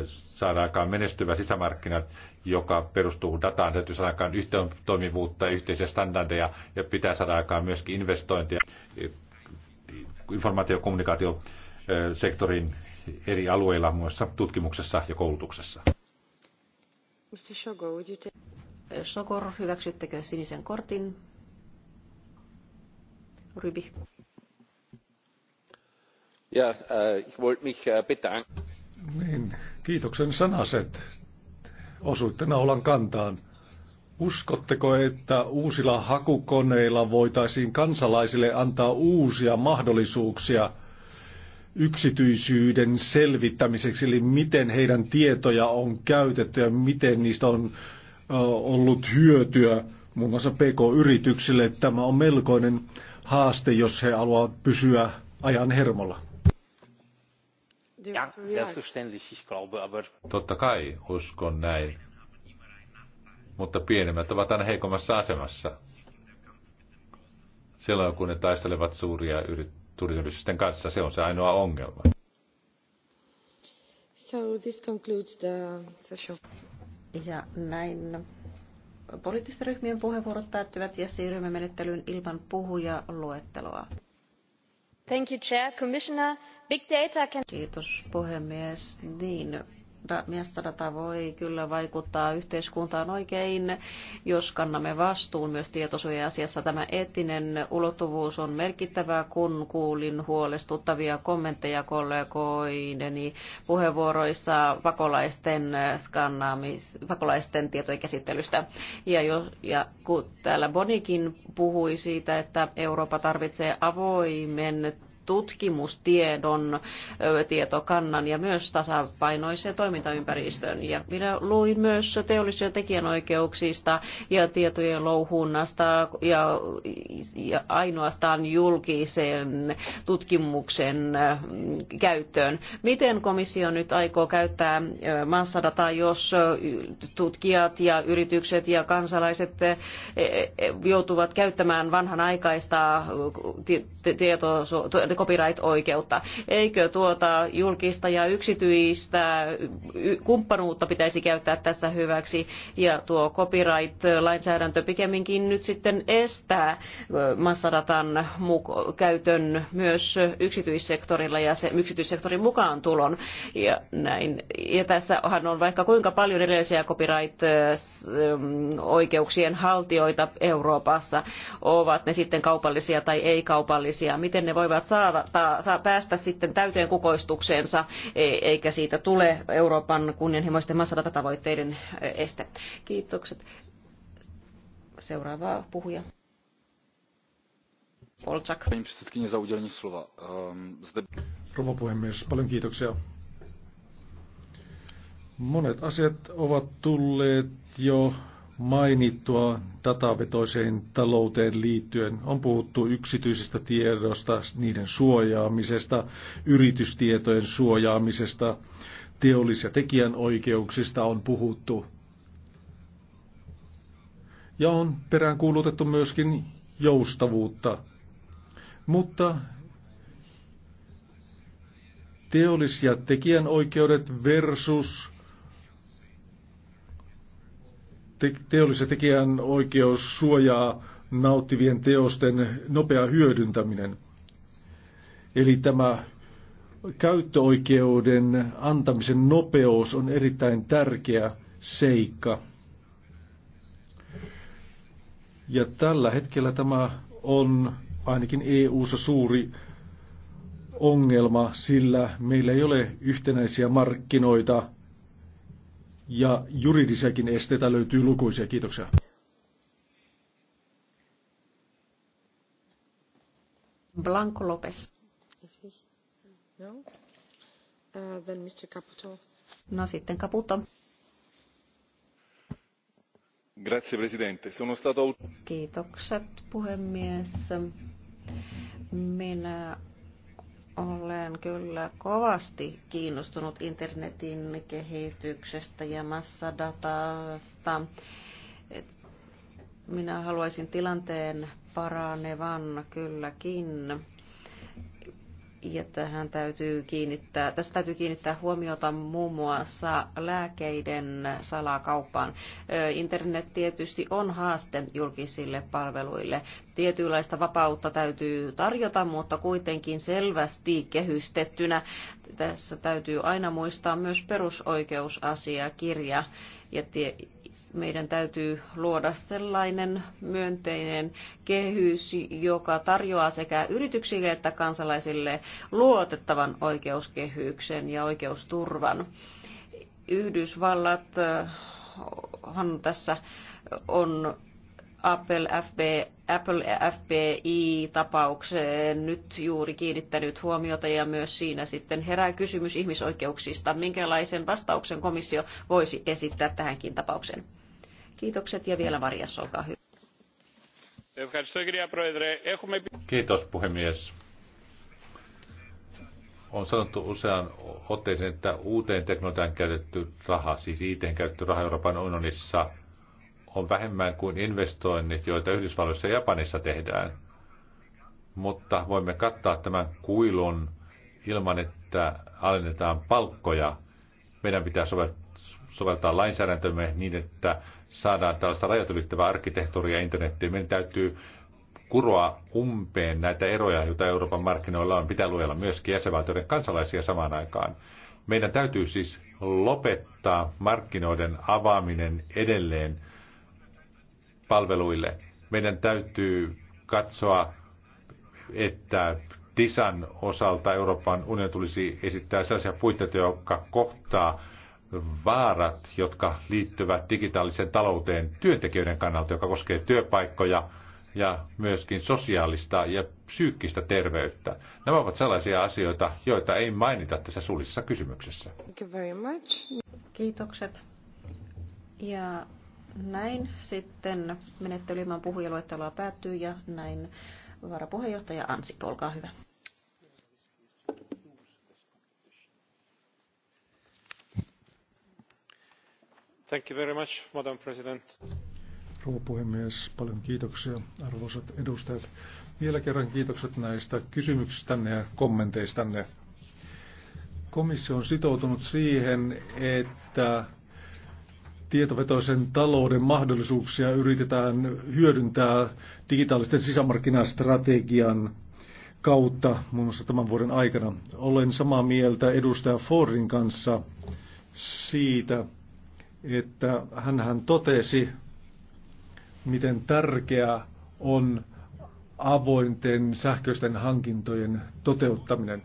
saada aikaan menestyvä sisämarkkinat, joka perustuu dataan, täytyy saada aikaan yhteen toimivuutta ja yhteisiä standardeja ja pitää saada aikaan myöskin investointeja e, informaatio- ja kommunikaatiosektorin eri alueilla, muun muassa tutkimuksessa ja koulutuksessa. Mr. Shogor, would you take... Shogor, hyväksyttekö sinisen kortin? Rybi. Ja, äh, ich wollte mich äh, bedanken. Niin, kiitoksen sanaset. Osuitte naulan kantaan. Uskotteko, että uusilla hakukoneilla voitaisiin kansalaisille antaa uusia mahdollisuuksia yksityisyyden selvittämiseksi, eli miten heidän tietoja on käytetty ja miten niistä on ollut hyötyä muun muassa PK-yrityksille. Tämä on melkoinen haaste, jos he haluavat pysyä ajan hermolla. Ja, Totta kai uskon näin, mutta pienemmät ovat aina heikommassa asemassa. Silloin kun ne taistelevat suuria yritysten kanssa, se on se ainoa ongelma. So this concludes the session. Ja näin poliittisten ryhmien puheenvuorot päättyvät ja siirrymme menettelyyn ilman puhuja luetteloa. Kiitos puhemies. Niin, miessadata voi kyllä vaikuttaa yhteiskuntaan oikein, jos kannamme vastuun myös tietosuoja-asiassa. Tämä eettinen ulottuvuus on merkittävää, kun kuulin huolestuttavia kommentteja kollegoideni puheenvuoroissa pakolaisten, skannaamis, pakolaisten tietojen käsittelystä. Ja, jos, ja kun täällä Bonikin puhui siitä, että Eurooppa tarvitsee avoimen tutkimustiedon tietokannan ja myös tasapainoisen toimintaympäristön. Ja minä luin myös teollisuuden tekijänoikeuksista ja tietojen louhunnasta ja, ja ainoastaan julkisen tutkimuksen käyttöön. Miten komissio nyt aikoo käyttää massadataa, jos tutkijat ja yritykset ja kansalaiset joutuvat käyttämään vanhanaikaista tietoa? copyright-oikeutta. Eikö tuota julkista ja yksityistä kumppanuutta pitäisi käyttää tässä hyväksi ja tuo copyright-lainsäädäntö pikemminkin nyt sitten estää massadatan käytön myös yksityissektorilla ja se yksityissektorin mukaan tulon. Ja, näin. ja tässähän on vaikka kuinka paljon erilaisia copyright-oikeuksien haltijoita Euroopassa, ovat ne sitten kaupallisia tai ei-kaupallisia, miten ne voivat saada saa päästä sitten täyteen kukoistukseensa, e- eikä siitä tule Euroopan kunnianhimoisten massadatatavoitteiden e- este. Kiitokset. Seuraava puhuja. Polczak. Rouva puhemies, paljon kiitoksia. Monet asiat ovat tulleet jo mainittua datavetoiseen talouteen liittyen. On puhuttu yksityisistä tiedosta, niiden suojaamisesta, yritystietojen suojaamisesta, teollis- ja tekijänoikeuksista on puhuttu. Ja on peräänkuulutettu myöskin joustavuutta. Mutta teollis- ja tekijänoikeudet versus te- teollisen tekijän oikeus suojaa nauttivien teosten nopea hyödyntäminen. Eli tämä käyttöoikeuden antamisen nopeus on erittäin tärkeä seikka. Ja tällä hetkellä tämä on ainakin EU-ssa suuri ongelma, sillä meillä ei ole yhtenäisiä markkinoita ja juridisiakin esteitä löytyy lukuisia. Kiitoksia. Blanco Lopez. No. Uh, no? sitten Caputo. Grazie Presidente. Sono stato... Kiitokset puhemies. Minä olen kyllä kovasti kiinnostunut internetin kehityksestä ja massadatasta. Minä haluaisin tilanteen paranevan kylläkin ja tähän täytyy kiinnittää, tässä täytyy kiinnittää huomiota muun muassa lääkeiden salakauppaan. Internet tietysti on haaste julkisille palveluille. Tietynlaista vapautta täytyy tarjota, mutta kuitenkin selvästi kehystettynä. Tässä täytyy aina muistaa myös perusoikeusasiakirja ja tie- meidän täytyy luoda sellainen myönteinen kehys, joka tarjoaa sekä yrityksille että kansalaisille luotettavan oikeuskehyksen ja oikeusturvan. Yhdysvallat äh, on tässä on Apple, FB, Apple FBI-tapaukseen nyt juuri kiinnittänyt huomiota ja myös siinä sitten herää kysymys ihmisoikeuksista. Minkälaisen vastauksen komissio voisi esittää tähänkin tapaukseen? Kiitokset ja vielä Varjas, olkaa hyvä. Kiitos puhemies. On sanottu usean otteeseen, että uuteen teknologiaan käytetty raha, siis IT käytetty raha Euroopan unionissa, on vähemmän kuin investoinnit, joita Yhdysvalloissa ja Japanissa tehdään. Mutta voimme kattaa tämän kuilun ilman, että alennetaan palkkoja. Meidän pitää soveltaa soveltaa lainsäädäntömme niin, että saadaan tällaista rajat ylittävää arkkitehtuuria internettiin. Meidän täytyy kuroa umpeen näitä eroja, joita Euroopan markkinoilla on. Pitää luella myöskin jäsenvaltioiden kansalaisia samaan aikaan. Meidän täytyy siis lopettaa markkinoiden avaaminen edelleen palveluille. Meidän täytyy katsoa, että DISAN osalta Euroopan unioni tulisi esittää sellaisia puitteita, jotka kohtaa vaarat, jotka liittyvät digitaaliseen talouteen työntekijöiden kannalta, joka koskee työpaikkoja ja myöskin sosiaalista ja psyykkistä terveyttä. Nämä ovat sellaisia asioita, joita ei mainita tässä suullisessa kysymyksessä. Thank you very much. Kiitokset. Ja näin sitten menettelymän puhujaluettelua päättyy ja näin varapuheenjohtaja Ansi, olkaa hyvä. Thank you very much, Madam President. Rouva puhemies, paljon kiitoksia arvoisat edustajat. Vielä kerran kiitokset näistä kysymyksistänne ja kommenteistanne. Komissio on sitoutunut siihen, että tietovetoisen talouden mahdollisuuksia yritetään hyödyntää digitaalisten sisämarkkinastrategian kautta muun muassa tämän vuoden aikana. Olen samaa mieltä edustaja Fordin kanssa siitä, että hän, hän totesi, miten tärkeää on avointen sähköisten hankintojen toteuttaminen.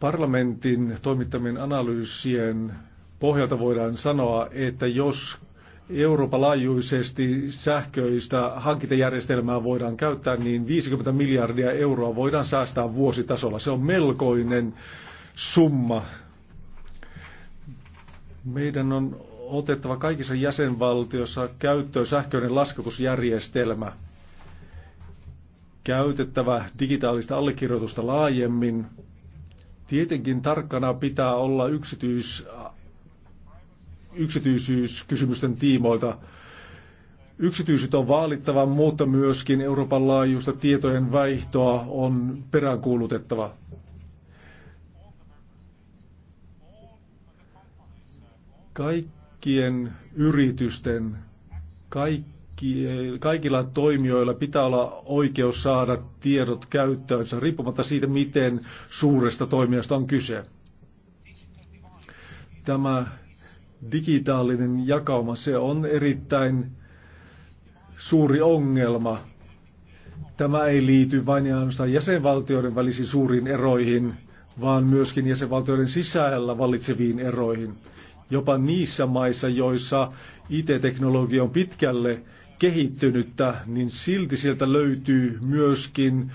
Parlamentin toimittamien analyysien pohjalta voidaan sanoa, että jos Euroopan laajuisesti sähköistä hankintajärjestelmää voidaan käyttää, niin 50 miljardia euroa voidaan säästää vuositasolla. Se on melkoinen summa meidän on otettava kaikissa jäsenvaltioissa käyttöön sähköinen laskutusjärjestelmä, käytettävä digitaalista allekirjoitusta laajemmin. Tietenkin tarkkana pitää olla yksityis, yksityisyyskysymysten tiimoilta. Yksityisyt on vaalittava, mutta myöskin Euroopan laajuista tietojen vaihtoa on peräänkuulutettava. Kaikkien yritysten, kaikki, kaikilla toimijoilla pitää olla oikeus saada tiedot käyttöönsä, riippumatta siitä, miten suuresta toimijasta on kyse. Tämä digitaalinen jakauma, se on erittäin suuri ongelma. Tämä ei liity vain ja ainoastaan jäsenvaltioiden välisiin suuriin eroihin, vaan myöskin jäsenvaltioiden sisällä vallitseviin eroihin jopa niissä maissa, joissa IT-teknologia on pitkälle kehittynyttä, niin silti sieltä löytyy myöskin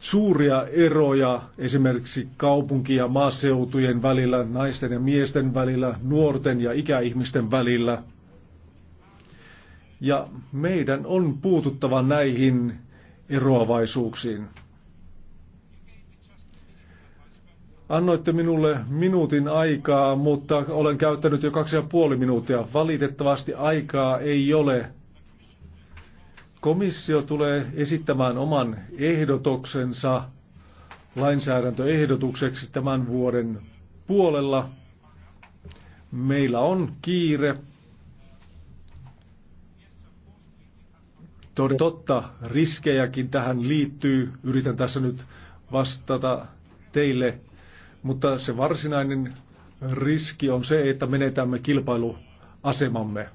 suuria eroja esimerkiksi kaupunki- ja maaseutujen välillä, naisten ja miesten välillä, nuorten ja ikäihmisten välillä. Ja meidän on puututtava näihin eroavaisuuksiin. Annoitte minulle minuutin aikaa, mutta olen käyttänyt jo kaksi ja puoli minuuttia. Valitettavasti aikaa ei ole. Komissio tulee esittämään oman ehdotuksensa lainsäädäntöehdotukseksi tämän vuoden puolella. Meillä on kiire. Totta, riskejäkin tähän liittyy. Yritän tässä nyt vastata teille mutta se varsinainen riski on se, että menetämme kilpailuasemamme.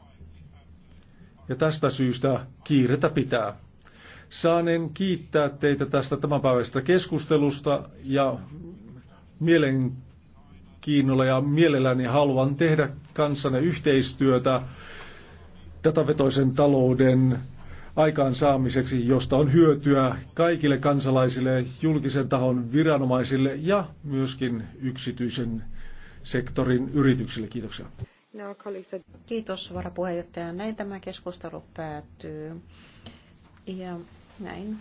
Ja tästä syystä kiiretä pitää. Saanen kiittää teitä tästä tämänpäiväisestä keskustelusta ja mielenkiinnolla ja mielelläni haluan tehdä kanssanne yhteistyötä datavetoisen talouden aikaansaamiseksi, josta on hyötyä kaikille kansalaisille, julkisen tahon viranomaisille ja myöskin yksityisen sektorin yrityksille. Kiitoksia. Kiitos varapuheenjohtaja. Näin tämä keskustelu päättyy. Ja näin